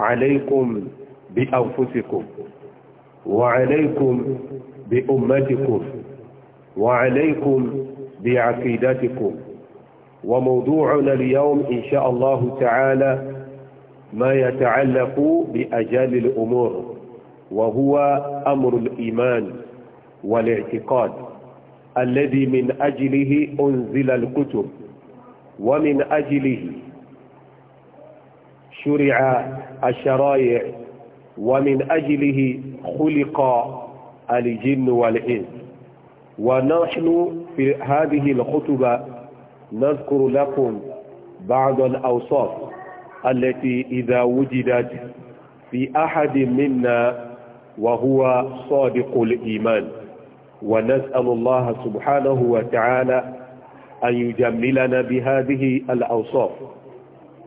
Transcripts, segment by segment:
عليكم بأنفسكم وعليكم بأمتكم وعليكم بعقيدتكم وموضوعنا اليوم إن شاء الله تعالى ما يتعلق بأجال الأمور وهو أمر الإيمان والاعتقاد الذي من أجله أنزل الكتب ومن أجله شرع الشرائع ومن أجله خلق الجن والإنس ونحن في هذه الخطبة نذكر لكم بعض الأوصاف التي إذا وجدت في أحد منا وهو صادق الإيمان ونسأل الله سبحانه وتعالى أن يجملنا بهذه الأوصاف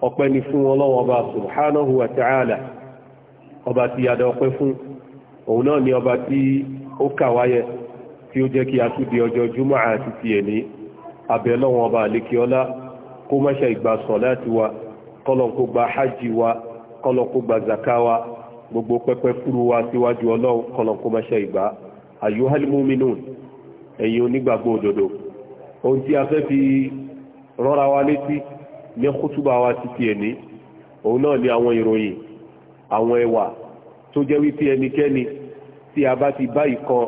ọpẹ́ ni fún ọlọ́wọ́ ọba subhanahu wa ta'ala ọba tí yàdá ọpẹ́ fún òun náà ni ọba tí ó kàwáyẹ tí ó jẹ́ kí a tún di ọjọ́ júmọ́ àti ti ẹ̀ní abẹ́ ọba àlékiọlá kó mọ́ṣẹ́ ìgbà láti wa kọ́lọ̀ rọ́ra wa létí ní kútúbà wa ti fi òun náà ni àwọn ìròyìn àwọn ẹwà tó jẹ́ wípé ẹnikẹ́ni tí a bá ti bá ìkan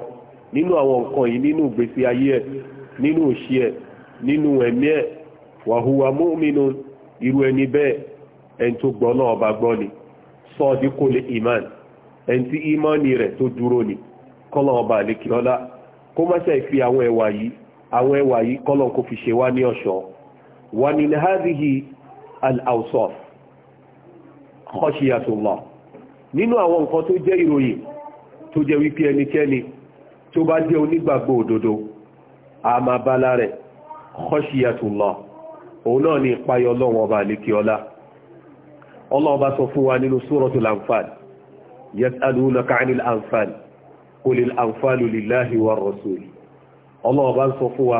nínú àwọn nǹkan yìí nínú ìgbésí ayé ẹ̀ nínú òṣì ẹ̀ nínú ẹ̀mí ẹ̀ wàhùwà múmínú irú ẹni bẹ́ẹ̀ ẹni tó gbọ́ náà ọba gbọ́ ni sọ́ọ̀dí kò lè iman ẹni tí imani rẹ̀ tó dúró ni kọ́lọ̀ ọba àlekìlọ́lá kó má ṣe fi àwọn ẹwà yìí àwọn ẹwà yìí kọ́lọ̀ kó fi ṣe wá ní ọ̀ṣọ́ wa min hadhihi al-awsaf khashiyatullah nínú àwọn nǹkan tó jẹ́ ìròyìn tó jẹ́ wípé ẹnikẹ́ni tó bá jẹ́ onígbàgbọ́ òdodo a máa bá lárẹ̀ khashiyatullah òun náà ni ìpayọ ọlọ́wọ́n ọba àlékí ọlá ọlọ́wọ́n bá sọ fún wa nínú suratul anfal yas'alunaka 'anil anfal qulil anfalu lillahi war rasul ọlọ́wọ́n bá ń sọ fún wa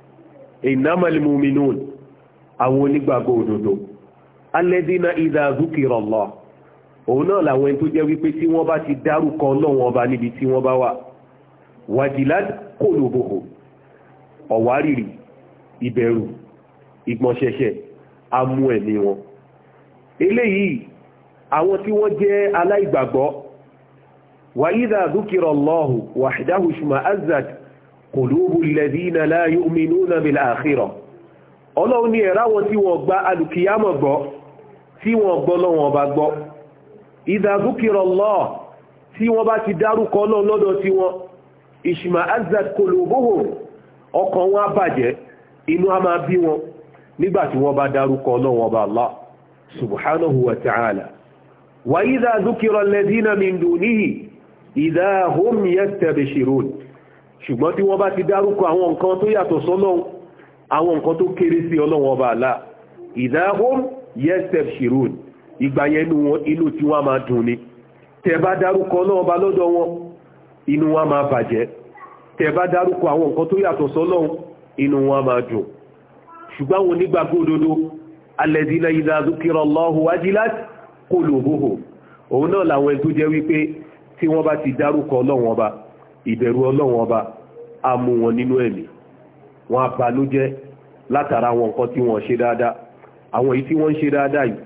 innamal mu'minun àwọn onígbàgbọ́ òdodo alladhina idha dhukira Allah òun náà làwọn ẹni tó jẹ́ wípé tí wọ́n bá ti dárúkọ ọlọ́run ọba níbi tí wọ́n bá wà wajilat qulubuhum ọ̀wárìrì ìbẹ̀rù ìgbọ̀nsẹ̀ṣẹ̀ amú ẹ̀mí wọn eléyìí àwọn tí wọ́n jẹ́ aláìgbàgbọ́ wa idha dhukira Allahu wahdahu قلوب الذين لا يؤمنون náà bìlà àkírọ̀ ọlọ́run ní ẹ̀rá wọn tí wọ́n gba alùkìyámọ̀ gbọ́ tí wọ́n gbọ́ lọ́wọ́n ọba gbọ́ ìdàgúkìrọ̀ lọ́ tí wọ́n bá ti dárúkọ ọlọ́run lọ́dọ̀ tí wọ́n ìṣìmà azad kòlúbùhù ọkàn wọn á bàjẹ́ inú á máa bí wọn nígbà tí wọ́n bá dárúkọ ọlọ́run ṣùgbọ́n tí wọ́n bá ti dárúkọ àwọn nǹkan tó yàtọ̀ sọ́lọ́hun àwọn nǹkan tó kéré sí ọlọ́run ọba àlá ìdáhùn yẹ́sẹ̀f ṣìrún ìgbà yẹn inú wọn inú tí wọ́n máa dùn ni tẹ bá dárúkọ ọlọ́run ọba lọ́dọ̀ wọn inú wọn máa bàjẹ́ tẹ bá dárúkọ àwọn nǹkan tó yàtọ̀ sọ́lọ́hun inú wọn máa dùn ṣùgbọ́n àwọn onígbàgbọ́ òdodo alẹ́dínlá ìdá zukirọ̀ ìbẹ̀rù ọlọ́run ọba á mú wọn nínú ẹ̀mí wọn á banújẹ́ látara àwọn nǹkan tí wọ́n ṣe dáadáa àwọn èyí tí wọ́n ń ṣe dáadáa yìí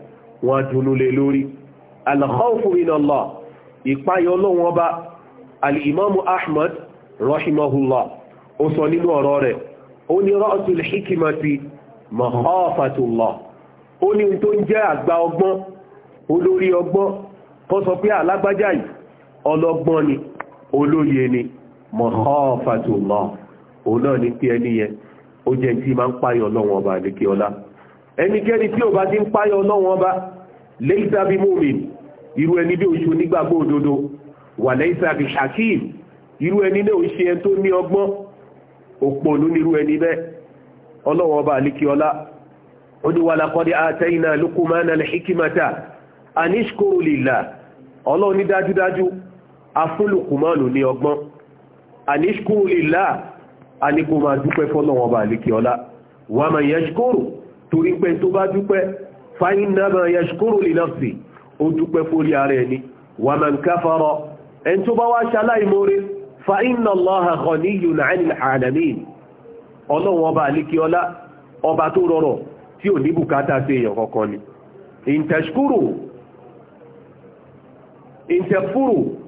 wọ́n á dunnú lé lórí al-khawfu min Allah ìpáyọ ọlọ́run ọba al ọlọ́gbọ́n ni olóye ni mọ̀họ́fàtùmọ̀ òun náà ẹni yẹn ó jẹ́ tí máa ń páyọ̀ lọ́wọ́n ọba àdékè ọlá ẹnikẹ́ni tí ò bá ti ń páyọ̀ lọ́wọ́n ọba lẹ́yìnsá bí irú ẹni bí oṣù nígbàgbọ́ òdodo wà lẹ́yìnsá shakim irú ẹni náà ń ṣe tó ní ọgbọ́n òpònú afúnlùkùmánù ní ọgbọ́n àníṣkúrìlá àníkò máa dúpẹ́ fọ́lọ́wọ́n bá lè kí ọlá wà máa yẹ́ṣkúrù torí pé tó bá dúpẹ́ fáyínà máa yẹ́ṣkúrù lè nafsi ó dúpẹ́ fórí ara ẹni wà máa ń káfọ́rọ́ ẹni tó bá ìntẹ̀fúrù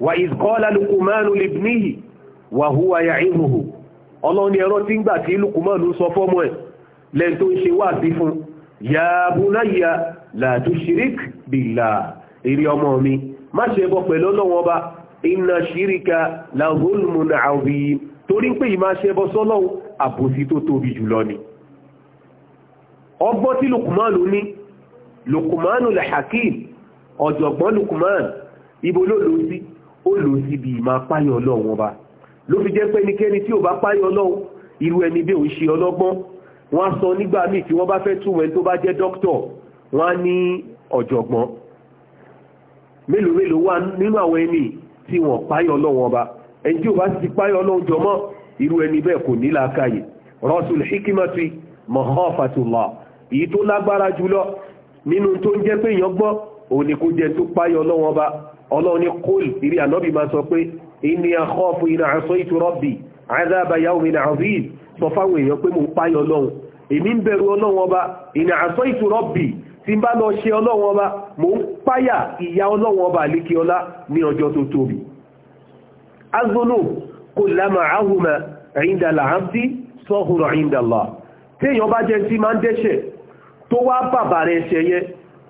wa iz qala lukumanu libnihi wa huwa ya'izuhu ọlọ́run ni ẹ̀rọ tí ń gbà tí lukumanu sọ fọ́mọ ẹ̀ lẹ́n tó ń ṣe wà sí fún ya bunayya la tushrik billah eré ọmọ mi má ṣe bọ pẹ̀lú ọlọ́run ọba inna ibo ló lò sí ó lò síbi ìmá páyọ̀ ọlọ́run ọba ló fi jẹ́ pé ẹnikẹ́ni tí ò bá páyọ̀ ọlọ́run irú ẹni bí òun ṣe ọlọ́gbọ́n wọ́n á sọ nígbà míì tí wọ́n bá fẹ́ tún wẹ́n tó bá jẹ́ dókítọ̀ wọ́n á ní ọ̀jọ̀gbọ́n mélòó mélòó wà nínú àwọn ẹni tí wọ́n páyọ̀ ọlọ́run ọba ẹni tí ò bá ti páyọ̀ ọlọ́run jọmọ́ irú ẹni bẹ́ẹ̀ kò ní làákàyè rọ́sùl ọlọ́run ní kóòlù ìrí ànábì máa sọ pé inni akhafu in asaytu rabbi azaba yawmin azim sọ fáwọn èèyàn pé mò ń páyọ ọlọ́run èmi ń bẹ̀rù ọlọ́run ọba in asaytu rabbi tí n bá lọ ṣe ọlọ́run ọba mò ń páyà ìyà ọlọ́run ọba àlékiọlá ní ọjọ́ tó tóbi azolo kullama téèyàn bá jẹ́ tí máa ń dẹ́ṣẹ̀ tó wá bàbà rẹ̀ ẹ̀ṣẹ̀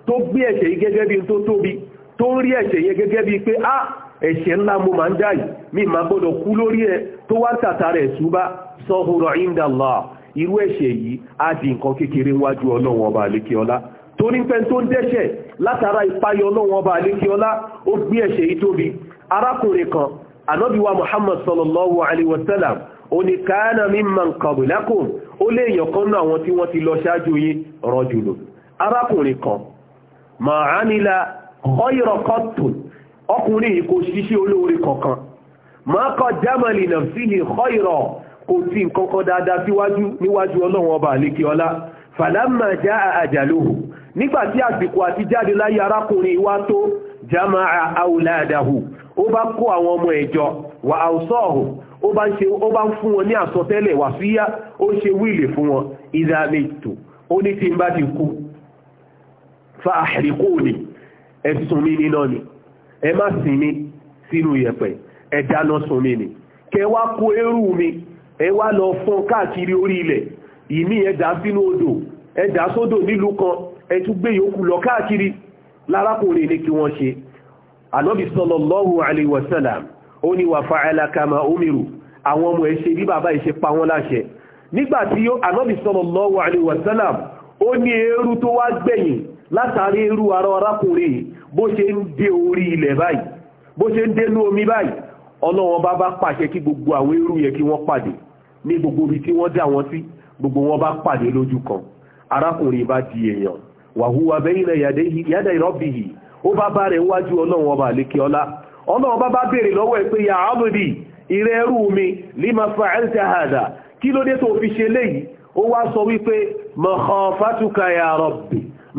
tó gbé ẹ̀ṣẹ̀ gẹ́gẹ́ bí tó tóbi tó ń rí ẹ̀ṣẹ̀ yẹn gẹ́gẹ́ bíi pé a ah, ẹ̀ṣẹ̀ ńlá mo máa ń dá yìí mi máa gbọ́dọ̀ kú lórí ẹ̀ tó wá tàtà rẹ̀ ṣúbá sọ́hùrọ̀ ìndàlá irú ẹ̀ṣẹ̀ yìí á di nǹkan kékeré wájú ọlọ́wọ́n ọba àlékiọlá torí pé tó ń dẹ́ṣẹ̀ látara ìpayọ ọlọ́wọ́n ọba àlékiọlá ó gbé ẹ̀ṣẹ̀ yìí tóbi arákùnrin ọ̀yọ̀rọ̀ kọ́tù ọkùnrin yìí kò ṣiṣẹ́ olóore kankan máa kọ jámàlì náà sí ní ọ̀yọ̀rọ̀ kò tí nǹkan kan dáadáa síwájú níwájú ọlọ́run ọba àlékè ọlá fàlámà já àjàlóhù nígbà tí àsìkò àti jáde láyé arákùnrin wá tó jámà àwòládàhù ó bá kó àwọn ọmọ ẹ̀jọ wà àwùsọ́ọ̀hù ó bá ń fún wọn ní àsọtẹ́lẹ̀ wà síyá ó ṣe wíìlì fún wọn ìdá mi tò ó n bá ti kú fa àṣìkò ẹ sùn mí níná ni ẹ má sìn mí sínú yẹ̀pẹ̀ ẹ dáná sun mí ni kẹ wá kó eérú mi ẹ wá lọ fọ́n káàkiri orí ilẹ̀ ìmí ẹ dà sínú odò ẹ sódò nílùú kan ẹ tún gbé yòókù lọ káàkiri lárákùnrin kí wọ́n ṣe sallallahu alaihi wasallam ó ní wà umiru àwọn ọmọ ẹ̀ṣẹ́ bí bàbá ìṣe pa sallallahu alaihi wasallam ó ní eérú tó wá gbẹ̀yìn látàrí irú ara arákùnrin bó ṣe ń dé orí ilẹ̀ báyìí bó ṣe ń dénú omi báyìí ọlọ́wọ́n bá bá pàṣẹ kí gbogbo àwọn irú yẹ kí wọ́n pàdé ní gbogbo ibi tí wọ́n dá wọn sí gbogbo wọn bá pàdé lójú kan arákùnrin bá di èèyàn wàhúwa bẹ́yìn yàdá ìrọ́bì yìí ó bá bá rẹ̀ wájú ọlọ́run ọba ya abudi ìrẹ́ lima fa'alta hada kí ló dé tó fi ṣe léyìí ó wá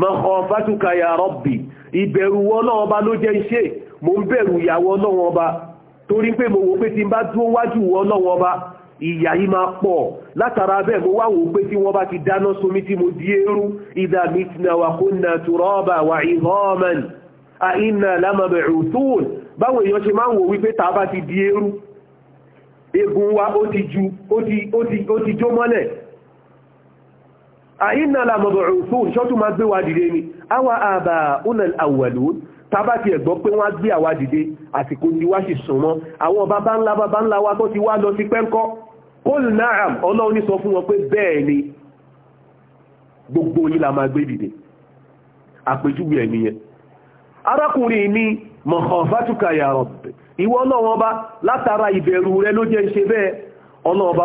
makhafatuka ya rabbi ìbẹ̀rù Ọlọ́run ọba ló jẹ́ iṣẹ́ mo ń bẹ̀rù ìyàwó Ọlọ́run ọba torí pé mo wò pé tí n bá dúró wájú Ọlọ́run ọba ìyà yìí máa pọ̀ látara bẹ́ẹ̀ mo wá pé tí wọ́n bá ti dáná somi tí mo di eérú idha mitna wa kunna turaba wa idhaman a inna lamab'uthun báwo èèyàn ṣe máa ń wò wípé tá a bá ti di eérú egun wa ó ti ju ó ti jó mọ́lẹ̀ àyínà làmọ̀bọ̀rùn ṣọ́tù máa gbé wa dìde ni àwa àbà unal awwalun tàbá ti ẹ̀gbọ́ pé wọ́n á gbé àwa dìde àsìkò tí wá sì súnmọ́ àwọn bàbá ńlá bàbá ńlá wa tó ti wá lọ sí pẹ́ńkọ́ ọlọ́run ní sọ fún wọn pé bẹ́ẹ̀ ni la máa gbé dìde àpèjúwe ẹ̀mí yẹn arákùnrin ní makhafatuka ya rabb ìwọ ọlọ́run ọba látara ìbẹ̀rù rẹ ló jẹ́ ń ṣe bẹ́ẹ̀ ọlọ́run ọba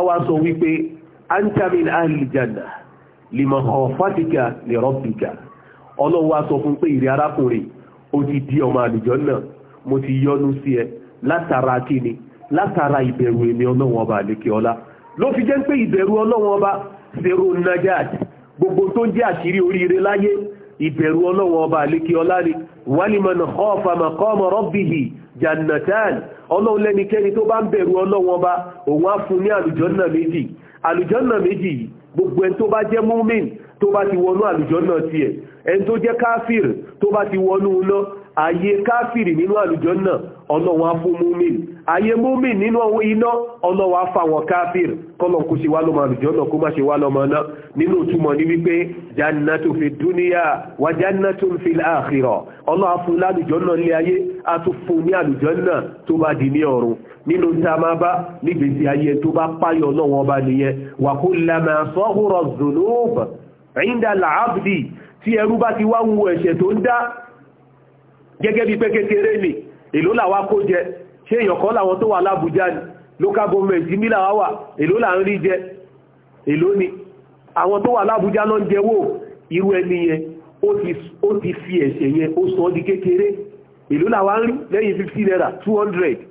lèmọ̀ ọ̀fàtìkà lè rọ́pìkà ọlọ́wọ́ aṣọ fún pé ìrẹ́ arákùnrin ó ti di ọmọ àlùjọ náà mo ti yọ́nú sí ẹ látara kíni látara ìbẹ̀rù èmi ọlọ́wọ́n ọba àlékè ọlá ló fi jẹ́ pé ìbẹ̀rù ọlọ́wọ́n ọba zero najat gbogbo tó jẹ́ àṣírí oríire láyé ìbẹ̀rù ọlọ́wọ́n ọba àlékè ọlá ni wàlímọ̀nà ọ̀fà màkọ́mọ̀ rọ́bìhì jannatan ọlọ́run lẹ́nikẹ́ni tó bá ń bẹ̀rù ọlọ́wọ́n ọba òun á fún gbogbo ẹni tó bá jẹ́ mọ́mìn tó bá ti wọnú àlùjọ́nà tiẹ̀ ẹni tó jẹ́ káfíìr tó bá ti wọnú iná ayé káfíìrì nínú àlùjọ́nà ọlọ́wọ́ á fún mọ́mìn ayé mọ́mìn nínú iná ọlọ́wọ́ á fáwọn káfíìr kọ́lọ̀ kó ṣe wá lọ́mọ àlùjọ́nà kó má ṣe wá lọ́mọ náà nínú ìtumọ̀ ní wípé jannatu fi dúníyà wà nínú tá a máa bá nígbèsí ayé tó bá páyọ̀ ọlọ́run ọba nìyẹn wà kó lámà sọ́húrọ̀ zùnúùbà ẹ̀yìndà làábìdì tí ẹrú bá ti wá ń wo ẹ̀ṣẹ̀ tó ń dá gẹ́gẹ́ bí pé kékeré ni èló làwa kó jẹ ṣé èèyàn kan làwọn two hundred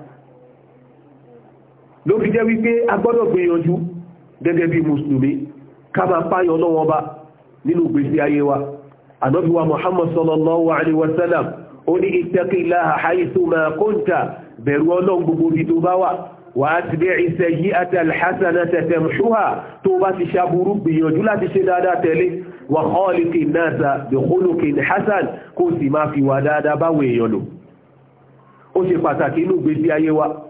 ló fi jẹ́ wípé a gbọ́dọ̀ gbìyànjú gẹ́gẹ́ bí mùsùlùmí ká máa páyọ lọ́wọ́ bá nínú gbèsè ayé wa ànábì wa muhammad sallallahu alaihi wa sallam ó ní ittaqillaha haythu ma kunta bẹ̀rù ọlọ́run gbogbo bí tó bá wà wà á ti bẹ́ẹ̀ iṣẹ́ yí al-hasanata tamhuha tó bá ti ṣàbúrú gbìyànjú láti ṣe dáadáa tẹ̀lé wa khaliqin nasa bi khuluqin hasan kó sì máa fi wà dáadáa báwo èèyàn lò ó ṣe pàtàkì inú gbèsè ayé wa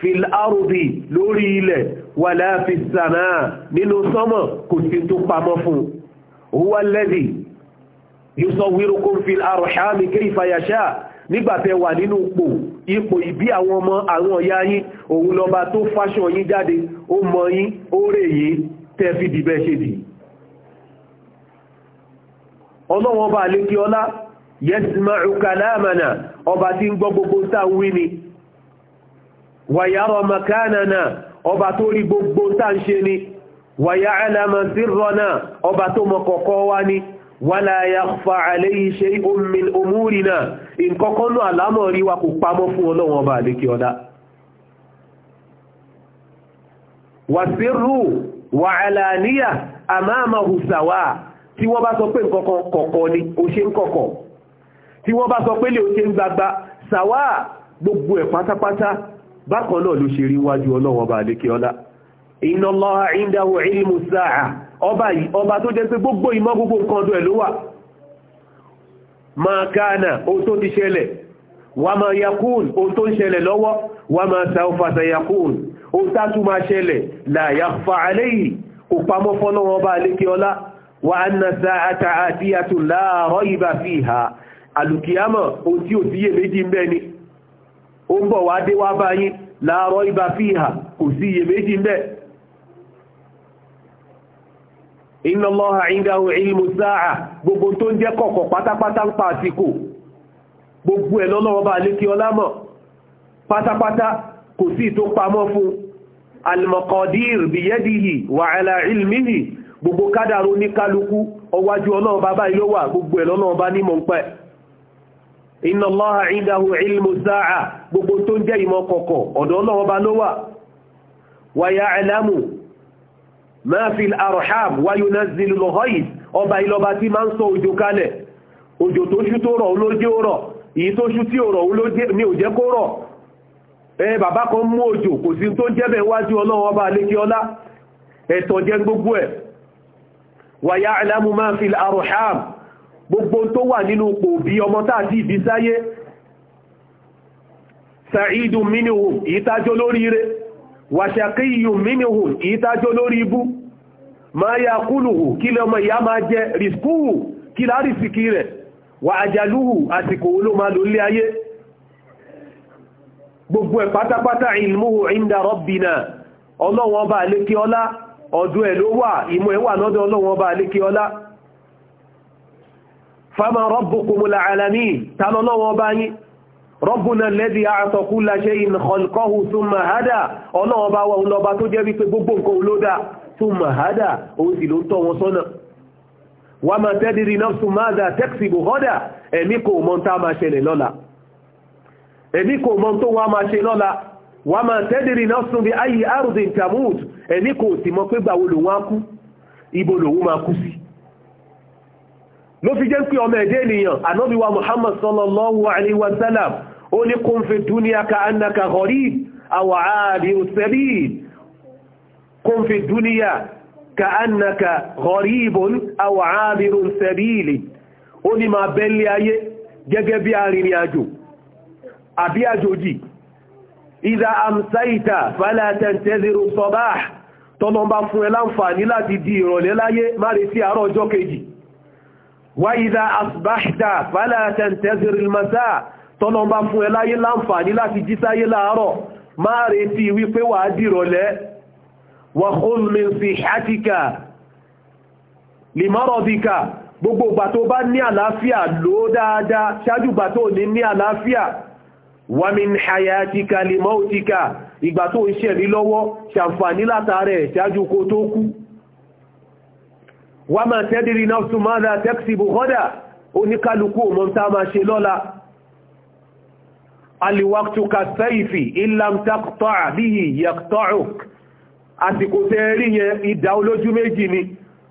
fil ardi lórí ilẹ̀ wàlá fi sàmà nínú sọ́mọ̀ kò sí tó pamọ́ fún huwa lẹ́dì yusawwirukum fil arhami kayfa yasha nígbàtẹ́ wà nínú ipò ipò ìbí àwọn ọmọ àwọn ọ̀yá yín òun lọba tó fáṣọ yín jáde ó mọ yín ó rè yín tẹ́ fi dìbẹ́ ṣe dì ọlọ́wọ́n bá lè kí ọlá yasma'u wàyàrọ̀ makánana ọba tó rí gbogbo tá ń ṣe ni wàyà alamasirrana ọba tó mọ kọ̀kọ́ wá ni wàlá yakhfa alayhi shay'un min umurina ìkọ̀kọ́nú àlámọ̀ rí wa kò pamọ́ fún ọlọ́wọ́n ọba àlékè ọ̀dá ni ó ṣe ń kọ̀kọ̀ tí wọ́n bá sọ pé lè gbogbo ẹ̀ pátápátá bákan náà ló ṣe rí wájú ọlọ́wọ́ bá lékè ọlá inna Allaha indahu ilmu sa'a ọba yìí ọba tó jẹ́ pé gbogbo ìmọ̀ gbogbo nǹkan ọdún ẹ̀ ló wà ma kana ohun tó ti ṣẹlẹ̀ wa ma yakun ohun tó ń ṣẹlẹ̀ lọ́wọ́ wa ma sawfa sayakun ohun tá máa ṣẹlẹ̀ la yakhfa ó ń bọ̀ wá dé bá yín láàárọ̀ ibà fíhà kò sí iyèméjì ń bẹ̀ ilmu sáà gbogbo tó ń jẹ́ kọ̀kọ̀ pátápátá ń pa àsìkò gbogbo ẹ̀ lọ́lọ́wọ́ bá lékí ọlámọ̀ pátápátá kò sí tó pamọ́ fún gbogbo kádàrú ní kálukú ọwájú báyìí ló gbogbo ẹ̀ inna allaha indahu ilmu sáà gbogbo tó ń jẹ́ ìmọ̀ ọ̀dọ̀ ọlọ́wọ́ bá ló wà wa ya'lamu fil wa ọba ìlọba tí máa ń sọ òjò kalẹ̀ òjò tó ṣú tó rọ̀ olójé ó rọ̀ èyí tó ṣú tí ó rọ̀ olójé ní òjẹ́ kó rọ̀ ẹ bàbá kan mú òjò kò sí tó wájú ọlọ́wọ́ bá lékí ọlá ẹ̀tọ̀ jẹ́ gbogbo gbogbo tó wà nínú pò bí ọmọ táà sí ìbí sáyé sa'idun minihum ìtajó lórí ire wa shaqiyun minihum lórí ibú ma yakuluhu kí lọ ọmọ ìyá máa jẹ rìskúhù kí rẹ̀ wà máa lò lé ayé gbogbo ẹ̀ pátápátá ilmuhu inda rabbina ọlọ́wọ́n bá lékí ọdún ẹ̀ ló wà ìmọ̀ lọ́dọ̀ ọlọ́wọ́n fama rabbukumul alamin tálọ́lọ́wọ́ bá yín rọ́bùnà lẹ́dí àtọ̀kú láṣẹ in khalqahu thumma hada ọlọ́wọ́ bá wọn lọ́ba tó jẹ́ wípé gbogbo nǹkan ló dá thumma hada òun sì ló ń tọ́ wọn sọ́nà wà máa tadri nafsu madha taksibu ghadan ẹ̀mí kò mọ̀ tá máa ṣẹlẹ̀ lọ́la ẹ̀mí ẹ̀mí kò sì ibo lòun máa kú sí ló fi jẹ́ pé ọmọ ẹ̀dẹ́ ènìyàn ànábì wa muhammad sallallahu alaihi wasallam ó ní kún fi dúníà ka annaka gharib aw abiru sabil kún fi dúníà ka annaka gharibun aw abiru sabil ó ní máa bẹ́lẹ̀ ayé gẹ́gẹ́ bí arìnrìn àjò àbí àjòjì ìdá amsaita fala tantaziru sabah tọ́nà bá fún ẹ láǹfààní láti di ìrọ̀lẹ́ láyé má retí àárọ̀ ọjọ́ kejì wa idha asbahta fala tantazir al-masa tọ́lọ́ bá fún ẹ láyé láǹfààní láti jí sáyé láàárọ̀ máa retí wípé wàá dìrọ̀lẹ́ wa khudh min sihhatika li maradika gbogbo ìgbà tó bá ní àlàáfíà lò dáadáa ṣáájú ìgbà tó ní ní àlàáfíà wa min hayatika li ìgbà tó ń ṣẹ̀rí lọ́wọ́ ṣàǹfààní látàrẹ̀ ṣáájú kó tó kú wà máa tẹ́dìrì náà tún máa dá tẹ́kìsì bò kọ́dà oníkálukú ọmọ tá máa ṣe lọ́la aliwaktu ka sẹ́ìfì ilam takọ́tọ́à bíi yẹ̀tọ́ọ̀k àsìkò tẹ́ rí yẹn ìdá olójú méjì ni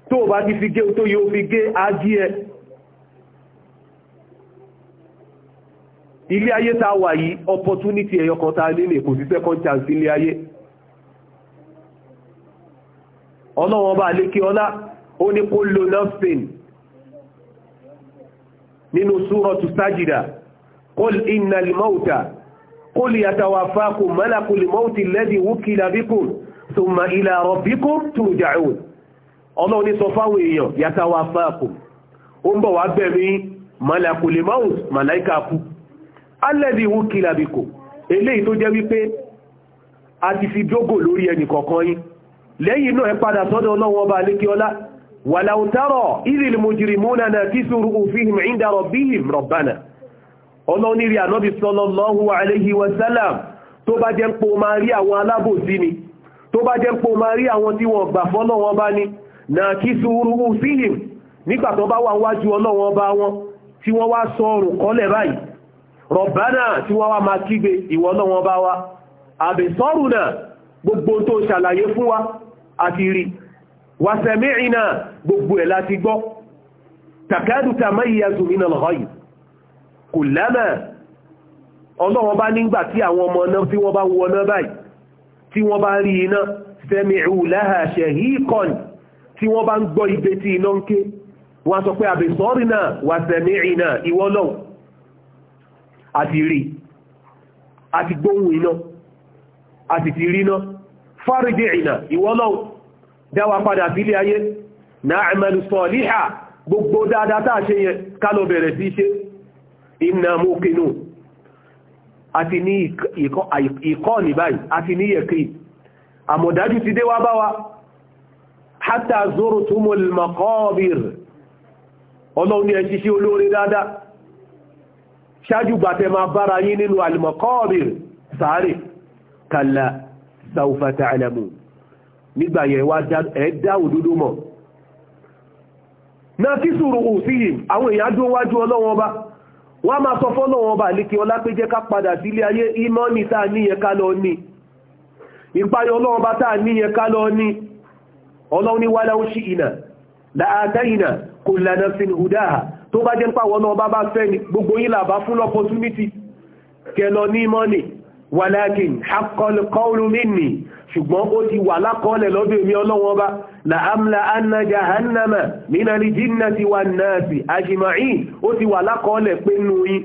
tó bá ti fi gé tó yóò fi gé ají ẹ ilé ayé tá wà yìí opportunity ẹyọ kan tá lé lè kò sí second chance ilé ayé ọlọ́wọ́n bá lékè ọlá ó ní kó lo nafsin nínú súrọ̀tù sájìdà kol innal mauta kol yatawafakum malakul mauti alladhi wukila bikum thumma ila rabbikum turja'un ọlọ́run ní sọ fáwọn èèyàn yatawafakum ó ń bọ̀ wá bẹ̀rí malakul maut malaika kú alladhi wukila bikum eléyìí lẹ́yìn náà ẹ padà sọ́dọ̀ ọlọ́run ọba alékeọlá ولو ترى إذ المجرمون ناكسوا رؤوفهم عند ربهم ربنا ọlọ́run ní rí ànábì sallallahu alayhi wa sallam tó bá jẹ́ pò máa rí àwọn alábòsí ni tó bá jẹ́ pò máa rí àwọn tí wọ́n gbà fọ́lọ́wọ́n bá ní nakisu ru'usihim nígbà tó bá wà wájú ọlọ́wọ́n bá wọn tí wàsẹ̀mìrìnà gbogbo ẹ̀ láti gbọ́ takadu tamayyazu min al-ghayb kò lẹ́nà ọlọ́wọ́n bá nígbà tí àwọn ọmọ náà tí wọ́n bá wọná báyìí tí wọ́n bá rí iná sami'u ìwọ́lọ́wọ́ dáwà padà sílé ayé na'malu salihan gbogbo dáadáa tàà ṣe yẹn kálọ bẹ̀rẹ̀ sí ṣe inna muqinun àti ní ìkọ́ ní báyìí àti ní yẹ̀kì àmọ̀dájú ti dé wá bá wa hatta zurtumul maqabir kalla sawfa ta'lamun nígbà yẹn wá ẹ̀dá òdodo mọ̀ náà tí sùúrù òsìyìn àwọn èèyàn dúró wájú ọlọ́wọ́n ọba wọ́n máa sọ fọ́lọ́wọ́n ọba àlékè ọlá pé jẹ́ ká padà sílé ayé ìmọ̀ ní tá níyẹn ká lọ ní ìpayọ ọlọ́wọ́n bá tá níyẹn ká lọ ní ọlọ́wọ́n ní wá láwọn sí ìnà láàtá ìnà kò lànà ṣùgbọ́n ó ti wà lákọọ́lẹ̀ lọ́dọ̀ èmi ọlọ́wọ́n bá làámlà anna jahannama minal jinnati wan nasi ajma'in ó ti wà lákọọ́lẹ̀ pé nù yín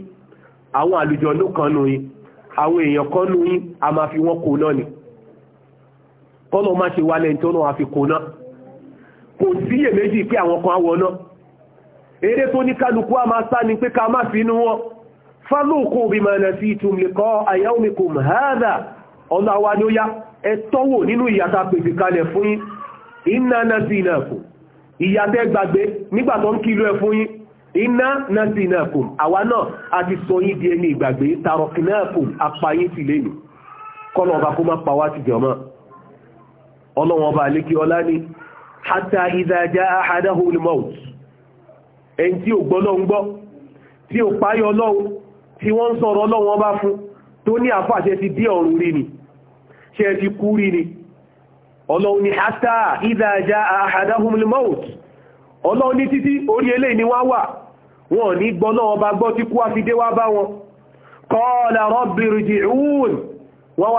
àwọn àlùjọ̀nú kan nù yín àwọn èèyàn kan nù yín a máa fi wọ́n kó náà ni kọ́lọ̀ má ṣe wálẹ̀ tó náà fi náà kò pé àwọn kan náà eré tó ní kálukú a máa sá ni pé ká fi inú wọn fálókò bima nasitum liqa'a yawmikum hadha ọlọ́wà ló ẹ tọ́wò nínú ìyàtà pèsè kalẹ̀ fún yín iná nasi iná kò ìyàtẹ́ gbàgbé nígbà tó ń kí ìlú ẹ fún yín iná nasi iná kò àwa náà a ti sọ yín di ẹni ìgbàgbé tarọ̀kì náà kò apayín sì lè nì kọ́nà ọba kó má pa wá ti jọmọ́ ọlọ́wọ́n ọba àlékí ọlá ni hata ìdájá ahadahul maut ẹni tí ò gbọ́lọ́ ń gbọ́ tí ò páyọ ọlọ́run tí wọ́n ń sọ̀rọ̀ ọlọ́run ọba fún tó ní àfàṣẹ ti dí ọ̀run rí ni ṣe ti kú rí ni ọlọ́run ni hátà ìdájá àhàdáhùnmọ́t ọlọ́run ní títí orí eléyìí ni wọ́n wà wọn ní gbọ́nà ọba gbọ́ tí kú àfidé wá bá wọn kọ́ọ̀lá rabbi irji'un wọ́n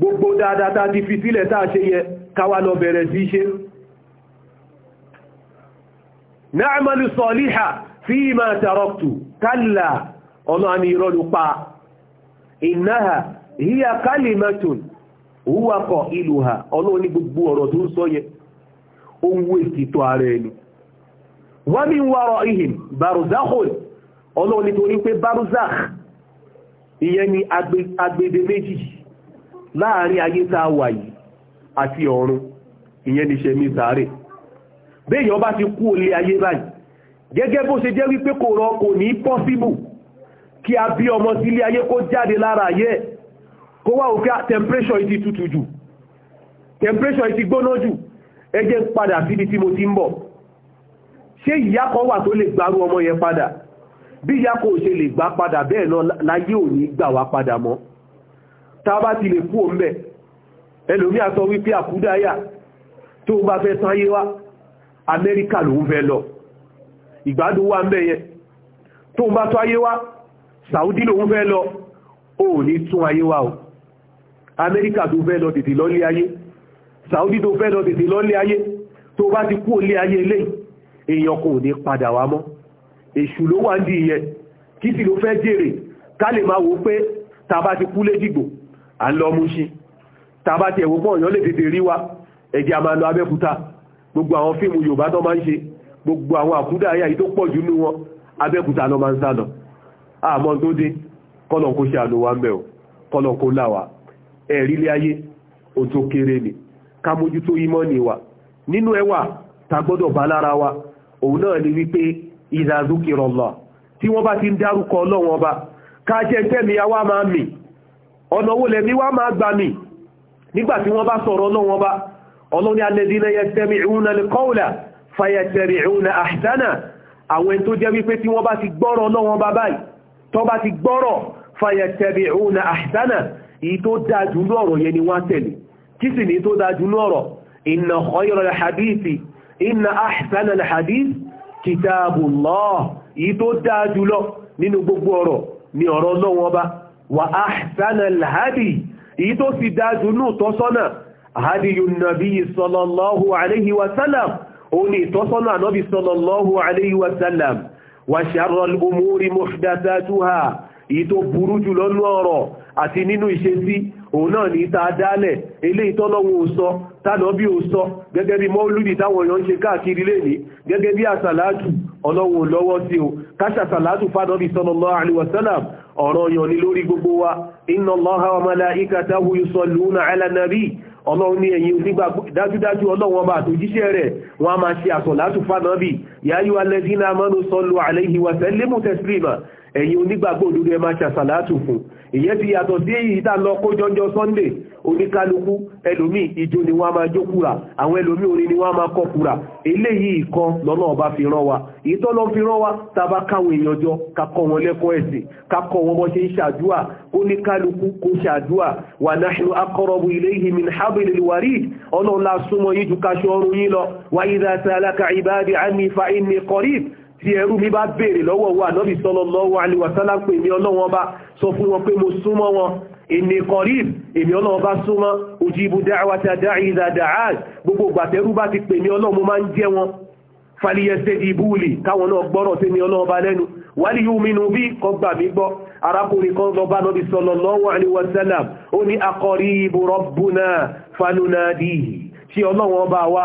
gbogbo dáadáa ti fi sílẹ̀ tá ṣe yẹ káwà lọ bẹ̀rẹ̀ sí ṣe na'malu saliha fima taraktu kalla ọ̀nà ni ìrọ̀lù pa innaha hiya kalimatun huwa qailuha ọlọ́ni gbogbo ọ̀rọ̀ tó ń sọ yẹ owó ìtìtọ̀ ara ẹni wa min waraihim barzakhun ọlọ́ni torí pé barzakh ìyẹn ni agbèdè méjì láàrin ayé tá a wà yìí àti ọ̀run ìyẹn ni ṣe mi sàárè béèyàn bá ti kú olé ayé báyìí gẹ́gẹ́ bó ṣe jẹ́ wípé kò rọ kò ní pọ́síbù kí a bí ọmọ sílé ayé kó jáde lára ayé ẹ̀ kó wá òkè tẹmpréṣọ̀ ìti tutù jù tẹmpréṣọ̀ ìti gbóná jù ẹ jẹ́ padà síbi tí mo ti ń bọ̀ ṣé ìyá wà tó lè gbárú ọmọ yẹn padà bí ìyá ṣe lè gbá padà bẹ́ẹ̀ náà láyé ò gbà wá padà mọ́ tá bá ti lè kú òun bẹ́ẹ̀ ẹlòmí àtọ wípé àkúdáyà tó bá fẹ́ sáyé wá amẹ́ríkà ló ń fẹ́ lọ ìgbádùn wà ń tó bá tó ayé wá saudi ló ń fẹ́ lọ ó ní tún ayé wá o amẹ́ríkà tó fẹ́ lọ tètè lọ́lé ayé saudi tó fẹ́ lọ tètè lọ́lé ayé tó bá ti kú olé ayé lé èèyàn kò ní padà wá mọ́ èṣù ló wà ń di ìyẹn kí sì ló fẹ́ jèrè ká lè máa wò pé tá a bá ti kú lédìgbò à ń lọ mú sí i tàbá ti ẹ̀wò pọ̀ èèyàn lè tètè rí wa ẹ̀jẹ̀ a máa lọ abẹ́kúta gbogbo àwọn fíìmù yorùbá tó máa ń ṣe gbogbo àwọn àkúdà ayé àyí tó pọ̀ jù nú wọn abẹ́kúta lọ máa ń sá lọ àmọ́ tó dé kọ́lọ̀ kó ṣe àlòwà ń bẹ̀ ọ́ kọ́lọ̀ kó láwà ẹ̀rí ilé ayé ó kéré ni ká mójútó ìmọ̀ ni wa nínú ẹwà ta gbọ́dọ̀ bá lára wa òun náà ni wípé ìdàdúkìrọ̀lọ̀ tí wọ́n bá ti ń dárúkọ ọlọ́wọ́n ọba ká jẹ́ tẹ́mi wa máa mì ọ̀nà owó lẹ́mi wa máa gbà mì nígbàtí wọ́n bá sọ̀rọ̀ náà wọ́n bá ọlọ́ni alẹ́dínlẹ́ yastami'una al-qawla fayattabi'una ahsana àwọn ẹni tó jẹ́ wípé tí wọ́n bá ti gbọ́rọ̀ náà wọ́n bá báyìí tó bá ti gbọ́rọ̀ fayattabi'una ahsana èyí tó dáa jù ní ọ̀rọ̀ yẹn ni wọ́n èyí tó sì dájú ní ìtọ́sọ́nà àhádìyù nàbí sallallahu alayhi wa sallam ó ní ìtọ́sọ́nà ànábì sallallahu alayhi wa sallam wa sharral umuri muhdathatuha èyí tó burú jùlọ nú ọ̀rọ̀ àti nínú ìṣesí òun náà ní ta dálẹ̀ ilé ìtọ́lọ́wọ́ ò sọ tánàbí ò sọ gẹ́gẹ́ bí ọ̀rọ̀ yàn ní lórí gbogbo wa inna Allaha wa malaikatahu yusalluna ala nabi ọlọ́run ní ẹ̀yin onígbà dájúdájú ọlọ́run ọba àtòjíṣẹ́ rẹ̀ wọ́n a máa ṣe àsọ̀látù fánàbì yáyú alẹ́dínà amanu sallu alayhi wa sallimu taslima ẹ̀yin onígbàgbọ́ òdodo ẹ máa ṣe àsọ̀látù oníkálukú ẹlòmí ìjó ni wọ́n máa jókúra àwọn ẹlòmí orin ni wọ́n máa kọkúra eléyìí kan lọ́nà ọba fi rán wa ìtọ́lọ́ fi rán wa tàbá káwọn èèyàn jọ kakọ́ wọn lẹ́kọ́ ẹ̀sìn kakọ́ wọn bọ́ ń ṣàdúà oníkálukú kó ṣàdúà wà nahnu aqrabu ilayhi min hablil warid ọlọ́run la súnmọ́ yín ju kaṣọ ọrùn yín lọ wa idha salaka ibadi anni fa inni qarib tí ẹrú mi bá béèrè lọ́wọ́ wa nọ́bì sallallahu alaihi wasallam pè mí ọlọ́wọ́n bá sọ fún wọn pé mo súnmọ́ wọn ìní kọ̀rìm èmi ọlọ́run bá súnmọ́ ojú ibu dáwàtà dáì ìdàdàá gbogbo gbàtẹ́rú bá ti pè mí ọlọ́run máa ń jẹ́ wọn faliyẹsẹ̀ di búùlì káwọn náà gbọ́rọ̀ sí ní ọlọ́ọba lẹ́nu wálì yóò mínú bí kọgbà mi gbọ́ arákùnrin kan lọ bá nọ́bí sallallahu alaihi wasallam ó ní aqaribu rabbuna tí ọlọ́wọ́n bá bá wá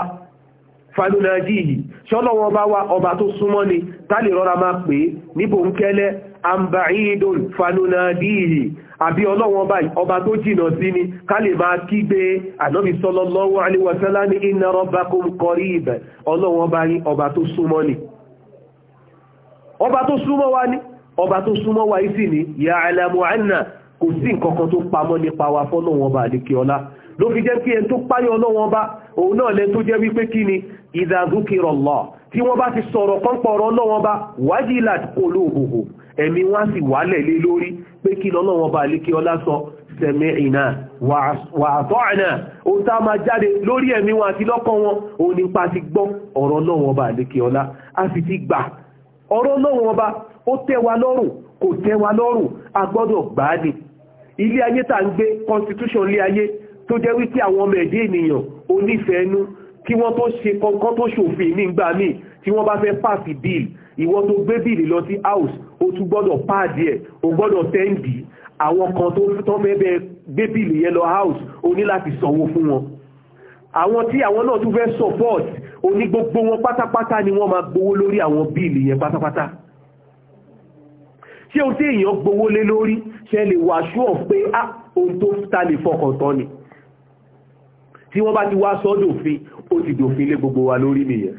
àbí ọlọ́wọ́n báyìí ọba tó jìnà sí ni ká lè máa kígbe ànábì sallallahu alaihi wasallam ní inna rabbakum qarib ọlọ́wọ́n bá ọba tó súnmọ́ ni ọba tó súnmọ́ wa ni ọba tó súnmọ́ wa yìí sì ni ya'lamu anna kò sí nǹkan kan tó pamọ́ nípa wa fọ́lọ́wọ́n bá àdékè ọlá ló fi jẹ́ kí ẹni tó páyọ̀ ọlọ́wọ́n bá òun náà lẹ́ni tó jẹ́ wípé kí ni ìdàdúkìrọ̀ lọ tí wọ́n bá ti sọ̀rọ̀ pọ́npọ̀rọ̀ ọlọ́wọ́n bá wajilat qulubuhu ẹ̀mí wá sì wálẹ̀ lé lórí pé kí lọ́lọ́wọ́n bá lè kí ọlá sọ sami'na wa ata'na ó tá máa jáde lórí ẹ̀mí wọn àti lọ́kàn wọn òun nípa ti gbọ́ ọ̀rọ̀ lọ́wọ́n bá lè kí ọlá ilé ayé tá ń gbé constitution ilé ayé tó jẹ́ wípé àwọn ọmọ ẹ̀dẹ́ ènìyàn onífẹ̀ẹ́nú kí wọ́n tó ṣe kọ́kọ́ tó ṣòfin nígbà míì tí wọ́n bá fẹ́ pàsì bíìlì ìwọ tó gbé bíìlì lọ sí house ó tún gbọ́dọ̀ páàdì ẹ̀ ó gbọ́dọ̀ tẹ́ǹdì àwọn kan tó tán fẹ́ bẹ gbé bíìlì yẹn lọ house ó ní láti sanwó fún wọn àwọn tí àwọn náà tún fẹ́ support oní gbogbo wọn pátápátá ni wọ́n máa gbowó lórí àwọn bíìlì yẹn pátápátá ṣé o tí èèyàn gbowó lé lórí ṣe lè wàṣú ọ̀ pé ah ohun tó ta lè fọkàn tán ni tí wọ́n bá ti wá sọ́dọ̀fin ó ti dòfin lé gbogbo wa lórí nìyẹn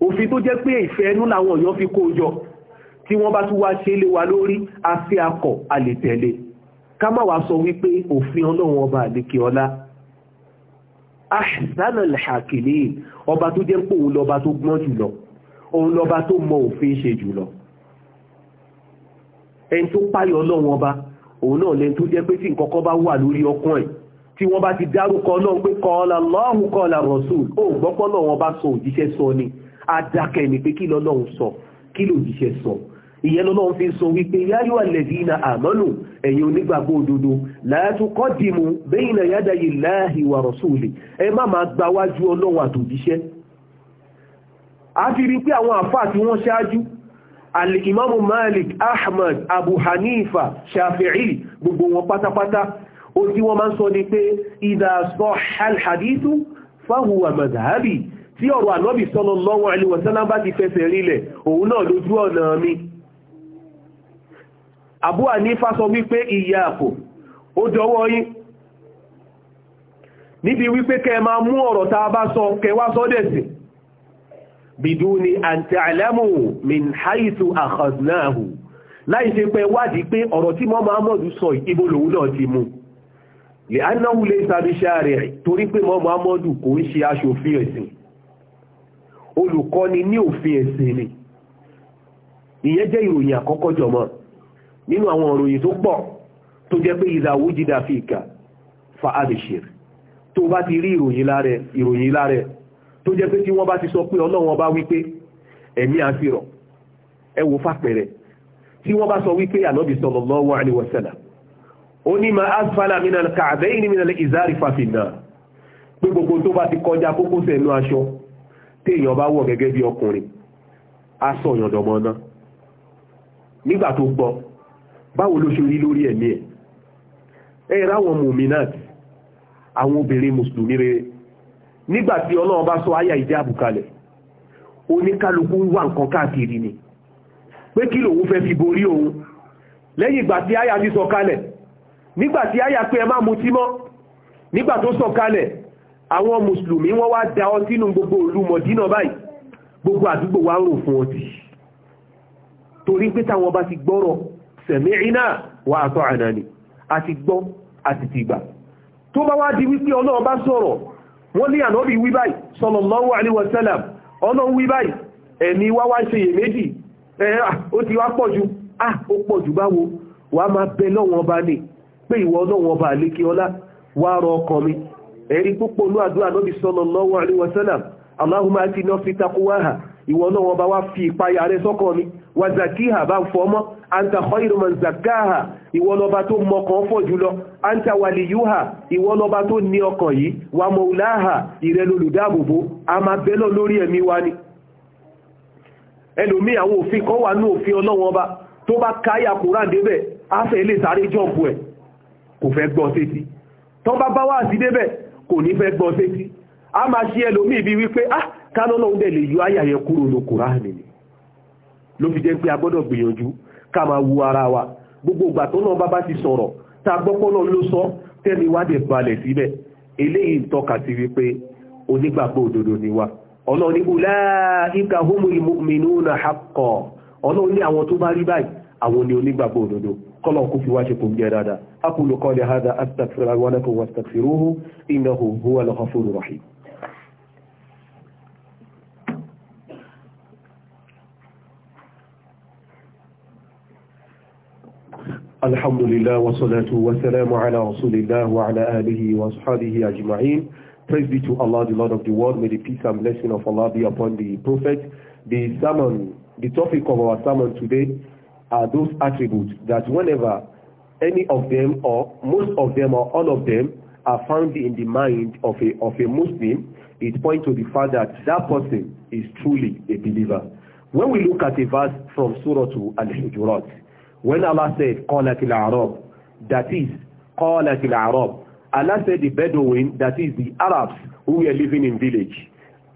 òfin tó jẹ́ pé ìfẹ́ ẹnu làwọn èèyàn fi kó jọ tí wọ́n bá tún wá ṣe lé wa lórí afẹ́ akọ̀ àlètẹ̀lé ká má wá sọ wípé òfin ọlọ́run ọba àlékè ọlá ahsanul hakimin ọba tó jẹ́ pé òun lọba tó gbọ́n jùlọ òun lọba tó mọ òfin ṣe jùlọ ẹni tó páyọ ọlọ́run ọba òun náà lẹni tó jẹ́ pé tí nǹkan kan bá wà lórí ọkàn ẹ̀ tí wọ́n bá ti dárúkọ náà pé kọ́ọ̀lá Allahu kọ́ọ̀lá Rasul ó gbọ́pọ́lọ̀ wọn bá sọ òjíṣẹ́ sọ ni adákẹ́ ni pé kí lọ́lọ́run sọ kí lòjíṣẹ́ sọ ìyẹn lọ́lọ́run fi sọ wípé yáyọ alladhina amanu ẹ̀yin onígbàgbọ́ òdodo la tuqaddimu bayna yadayi rasuli ẹ má máa gba wájú ọlọ́run àtòjíṣẹ́ a fi rí pé àwọn àfáà Malik Ahmad Abu Hanifa Shafi'i gbogbo wọn pátápátá ó tí wọ́n máa ń sọ ni pé ìdá sọ alhadithu fahuwa madhabi tí ọ̀rọ̀ ànábì sallallahu alaihi wasallam bá ti fẹsẹ̀ rílẹ̀ òun náà lójú ọ̀nà mi Abu Hanifa sọ wípé iyyakum ó dọwọ́ yín níbi wípé kẹ máa mú ọ̀rọ̀ tá a bá sọ kẹ wá sọ́dẹ̀sìn biduni an ta'lamu min haythu akhadnahu láì ṣe wádìí pé ọ̀rọ̀ tí mọ́ máa mọ́dù sọ ìbò lòun náà ti mú lè anáwó lè sàbíṣà rẹ̀ torí pé mọ́ muhammadu kò ń ṣe aṣòfin ẹ̀sìn olùkọ́ni ní òfin ẹ̀sìn ni ìyẹn jẹ́ ìròyìn àkọ́kọ́ jọmọ́ nínú àwọn ìròyìn tó pọ̀ tó jẹ́ pé ìdàwó jìdà fi ìkà fa abishir tó bá ti rí ìròyìn lára ìròyìn lára tó jẹ́ pé tí wọ́n bá ti sọ pé ọlọ́run ọba wípé ẹ̀mí àfihàn ẹ fàpẹ̀rẹ̀ tí wọ́n bá sọ wípé ànábì sallallahu alaihi ó ní ma asfala minal ka'bayni minal izari fàfinà pé gbogbo tó bá ti kọjá kókósẹ̀ inú aṣọ téèyàn bá wọ̀ gẹ́gẹ́ bí ọkùnrin aṣọ ìyàndọ̀mọ́ náà nígbà tó gbọ́ báwo ló ṣe rí lórí ẹ̀mí ẹ̀ ẹ ráwọn mùmínat àwọn obìnrin mùsùlùmí rere nígbà tí ọlọ́run bá sọ àyà ìdí àbùkalẹ̀ oníkálukú wà nǹkan káàkiri ni pé kí lòun fẹ́ fi borí òun lẹ́yìn ìgbà tí àyà ti sọ kalẹ̀ nígbàtí àyà pé ẹ má mutí mọ́ nígbà tó sọ kalẹ̀ àwọn mùsùlùmí wọ́n wá da ọtí nù gbogbo ìlú Mọ̀dínà báyìí gbogbo àdúgbò wa ń rò fún ọtí torí pé táwọn bá ti gbọ́rọ̀ sẹ̀míìnà wà àtọ́ ànàní àti gbọ́ àti ti gbà tó bá wá di wípé ọlọ́run bá sọ̀rọ̀ wasallam ọlọ́run wí báyìí ẹ̀mí wá eh, ah, wá ṣe ah ó pọ̀jù báwo wàá bẹ lọ́wọ́n bá ní pé ìwọ ọlọ́run ọba àlékí ọlá wá rọ ọkàn mi ẹ̀rí púpọ̀ ní àdúrà Nábì sallallahu alaihi wasallam Allahumma atina fi taqwaha ìwọ ọlọ́run ọba wá fi ìpayà rẹ sọ́kàn mi wà zakiha bá ń fọmọ́ anta khairu man zakkaha ìwọ lọba tó mọkàn anta waliyuha ìwọ lọba tó ní ọkàn yìí wà maulaha ìrẹ́ lolùdáàbòbò a máa bẹ́lọ̀ lórí ẹ̀mí wa ni ẹlòmí àwọn òfin kan wà ní òfin ọlọ́run ọba kò fẹ́ gbọ́ sétí tó bá bá wá sí débẹ̀ kò ní fẹ́ gbọ́ sétí a máa ṣe ẹlòmíì bí wípé ah kánọ́nà ń dẹ̀ lè yọ àyà yẹn kúrò ní kùránì ni ló fi jẹ́ pé a gbọ́dọ̀ gbìyànjú ká máa wu ara wa gbogbo ìgbà tó náà bábá ti sọ̀rọ̀ tá a gbọ́pọ́ náà ló sọ tẹ́ni wá balẹ̀ síbẹ̀ eléyìí tọ́ka sí wípé onígbàgbọ́ òdodo ni wa ọlọ́run ní ulaika humul mu'minuna haqqan ọlọ́run ní àwọn tó bá rí báyìí àwọn ni onígbàgbọ́ òdodo kọ́lọ̀ kó fi wáṣe kún jẹ́ dáadáa aqulu qawli hadha astaghfiru wa lakum wastaghfiruhu innahu huwal ghafurur rahim الحمد لله والصلاة والسلام على رسول الله وعلى آله وصحبه أجمعين Praise be to Allah, the Lord of the world. May the peace and blessing of Allah be upon the Prophet. The sermon, the topic of our sermon today are those attributes that whenever any of them or most of them or all of them are found in the mind of a of a Muslim, it points to the fact that that person is truly a believer. When we look at a verse from Surah to Al-Hujurat, when Allah said, قَالَتِ الْعَرَبُ That is, قَالَتِ الْعَرَبُ Allah said the Bedouin, that is the Arabs who were living in village.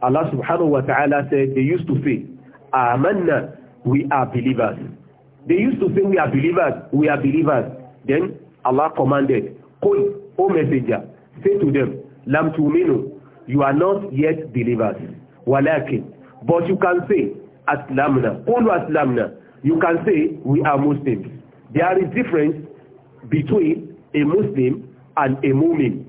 Allah subhanahu wa ta'ala said, they used to say, آمَنَّا We are believers. They used to say we are believers, we are believers. Then Allah commanded, call O messenger, say to them, Lam tu'minu, you are not yet believers. Walakin, but you can say, Aslamna, Qulu Aslamna, you can say we are Muslims. There is difference between a Muslim and a mu'min.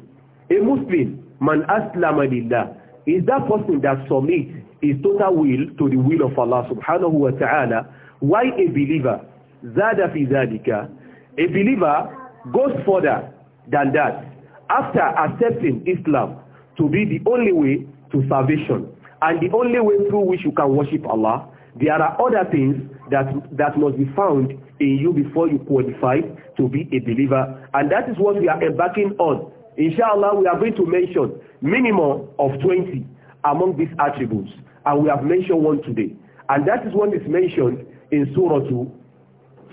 A Muslim, man aslama lillah, is that person that submits his total will to the will of Allah subhanahu wa ta'ala Why a believer? Zada fi zadika. A believer goes further than that after accepting Islam to be the only way to salvation and the only way through which you can worship Allah. There are other things that, that must be found in you before you qualify to be a believer. And that is what we are embarking on. Inshallah, we are going to mention minimum of 20 among these attributes. And we have mentioned one today. And that is what is mentioned in suratu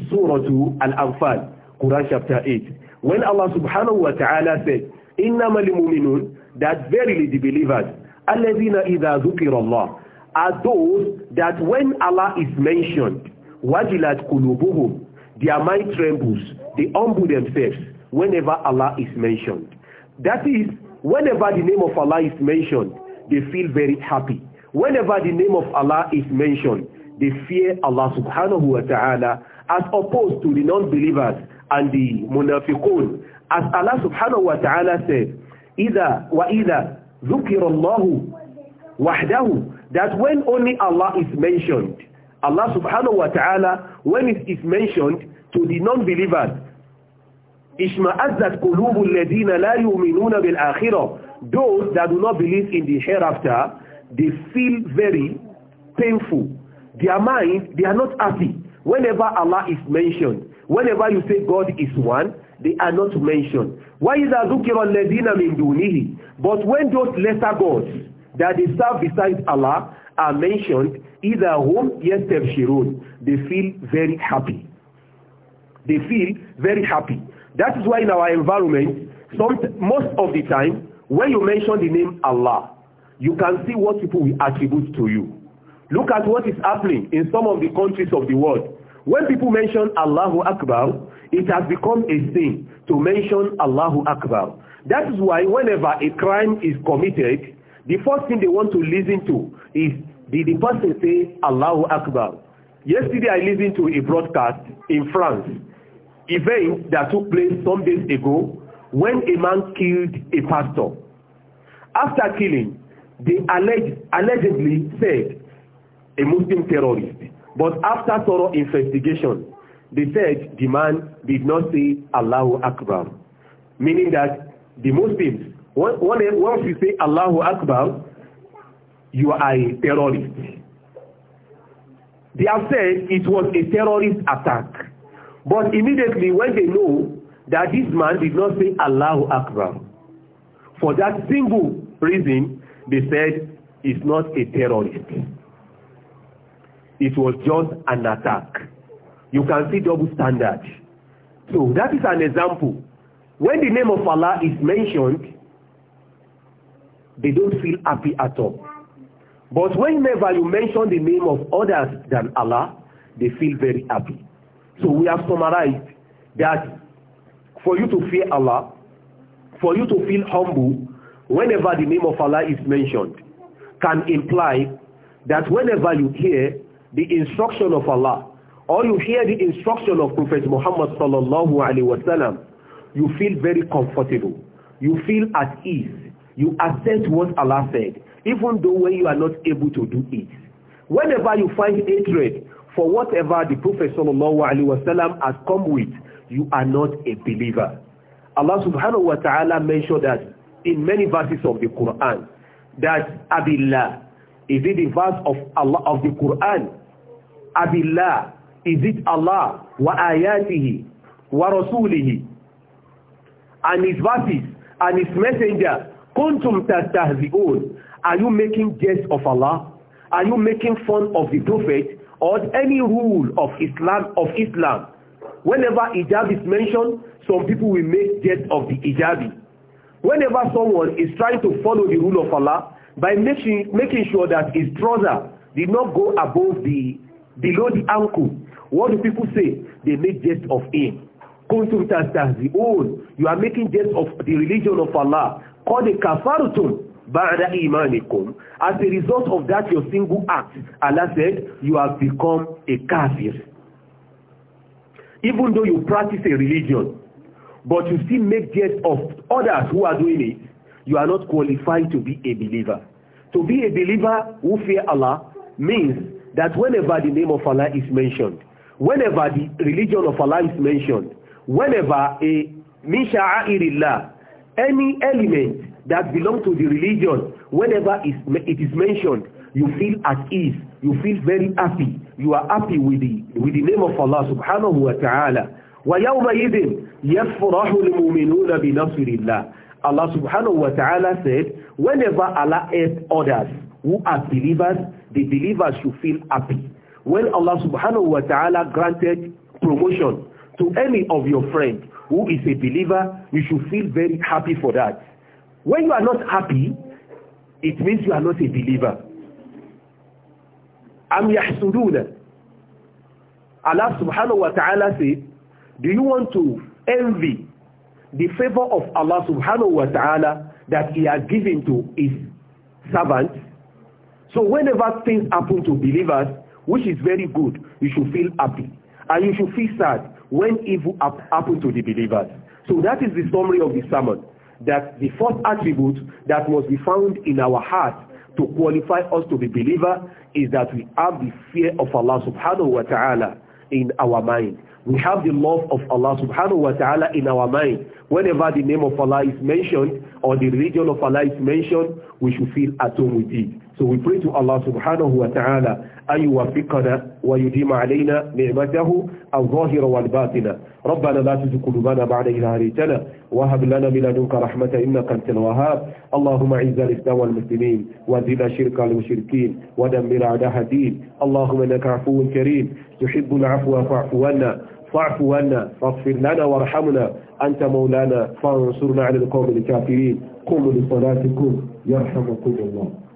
suratu al-anfal quran chapter 8 when allah subhanahu wa ta'ala said innamal mu'minun that verily the believers alladhina idha dhukira allah are those that when allah is mentioned wajilat qulubuhum their mind trembles they humble themselves whenever allah is mentioned that is whenever the name of allah is mentioned they feel very happy whenever the name of allah is mentioned they fear Allah subhanahu wa ta'ala as opposed to the non-believers and the munafiqun. As Allah subhanahu wa ta'ala said, إِذَا وَإِذَا ذُكِرَ اللَّهُ وَحْدَهُ That when only Allah is mentioned, Allah subhanahu wa ta'ala, when it is mentioned to the non-believers, إِشْمَأَزَّتْ قُلُوبُ الَّذِينَ لَا يُؤْمِنُونَ بِالْآخِرَةِ Those that do not believe in the hereafter, they feel very painful Their mind, they are not happy. Whenever Allah is mentioned, whenever you say God is one, they are not mentioned. Why is Azukirun Ledina Mindunihi? But when those lesser gods that they serve besides Allah are mentioned, either whom Yestef Shirun, they feel very happy. They feel very happy. That is why in our environment, some, most of the time, when you mention the name Allah, you can see what people will attribute to you. Look at what is happening in some of the countries of the world. When people mention Allahu Akbar, it has become a thing to mention Allahu Akbar. That is why whenever a crime is committed, the first thing they want to listen to is, did the person say Allahu Akbar? Yesterday I listened to a broadcast in France, event that took place some days ago when a man killed a pastor. After killing, they alleged, allegedly said, a Muslim terrorist. But after thorough investigation, they said the man did not say Allahu Akbar, meaning that the Muslims, once you say Allahu Akbar, you are a terrorist. They have said it was a terrorist attack. But immediately when they know that this man did not say Allahu Akbar, for that single reason, they said it's not a terrorist. It was just an attack. You can see double standard. So that is an example. When the name of Allah is mentioned, they don't feel happy at all. But whenever you mention the name of others than Allah, they feel very happy. So we have summarized that for you to fear Allah, for you to feel humble, whenever the name of Allah is mentioned, can imply that whenever you hear the instruction of Allah, or you hear the instruction of Prophet Muhammad sallallahu alaihi wasallam, you feel very comfortable. You feel at ease. You accept what Allah said, even though when you are not able to do it. Whenever you find hatred for whatever the Prophet sallallahu alaihi wasallam has come with, you are not a believer. Allah subhanahu wa ta'ala mentioned that in many verses of the Quran, that Abillah, is it the verse of Allah of the Quran abillah is it Allah wa ayatihi wa rasulihi and his verses and his messenger kuntum tastahzi'un are you making jest of Allah are you making fun of the prophet or any rule of Islam of Islam whenever hijab is mentioned some people will make jest of the hijabi whenever someone is trying to follow the rule of Allah by making making sure that his brother did not go above the Below the ankle, what do people say? They make jest of him. the own. You are making jest of the religion of Allah. Qad kafartum ba'da imanikum. As a result of that, your single act, Allah said, you have become a kafir. Even though you practice a religion, but you still make jest of others who are doing it, you are not qualified to be a believer. To be a believer who fear Allah means that whenever the name of Allah is mentioned, whenever the religion of Allah is mentioned, whenever a min any element that belongs to the religion, whenever it is mentioned, you feel at ease, you feel very happy, you are happy with the, with the name of Allah subhanahu wa ta'ala. وَيَوْمَئِذٍ يَفْرَحُ الْمُؤْمِنُونَ بِنَصْرِ اللَّهِ Allah subhanahu wa ta'ala said, whenever Allah helps others who are believers, the believer should feel happy. When Allah subhanahu wa ta'ala granted promotion to any of your friend who is a believer, you should feel very happy for that. When you are not happy, it means you are not a believer. Am yahsuduna. Allah subhanahu wa ta'ala said, do you want to envy the favor of Allah subhanahu wa ta'ala that he has given to his servants? So whenever things happen to believers, which is very good, you should feel happy. And you should feel sad when evil hap happen to the believers. So that is the summary of the sermon. That the first attribute that must be found in our heart to qualify us to be believer is that we have the fear of Allah subhanahu wa ta'ala in our mind. We have the love of Allah subhanahu wa ta'ala in our mind. Whenever the name of Allah is mentioned or the religion of Allah is mentioned, we should feel at home with it. So we pray to Allah subhanahu wa ta'ala أن يوفقنا ويديم علينا نعمته الظاهرة والباطنة ربنا لا تزغ قلوبنا بعد إذ هديتنا وهب لنا من لدنك رحمة إنك أنت الوهاب اللهم أعز الإسلام والمسلمين وذل الشرك والمشركين ودمر أعداء الدين اللهم إنك عفو كريم تحب العفو فاعف عنا فاعف عنا فاغفر لنا وارحمنا أنت مولانا فانصرنا على القوم الكافرين قوموا لصلاتكم يرحمكم الله